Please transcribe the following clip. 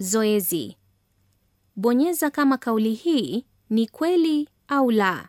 Zoezi: bonyeza kama kauli hii ni kweli au la.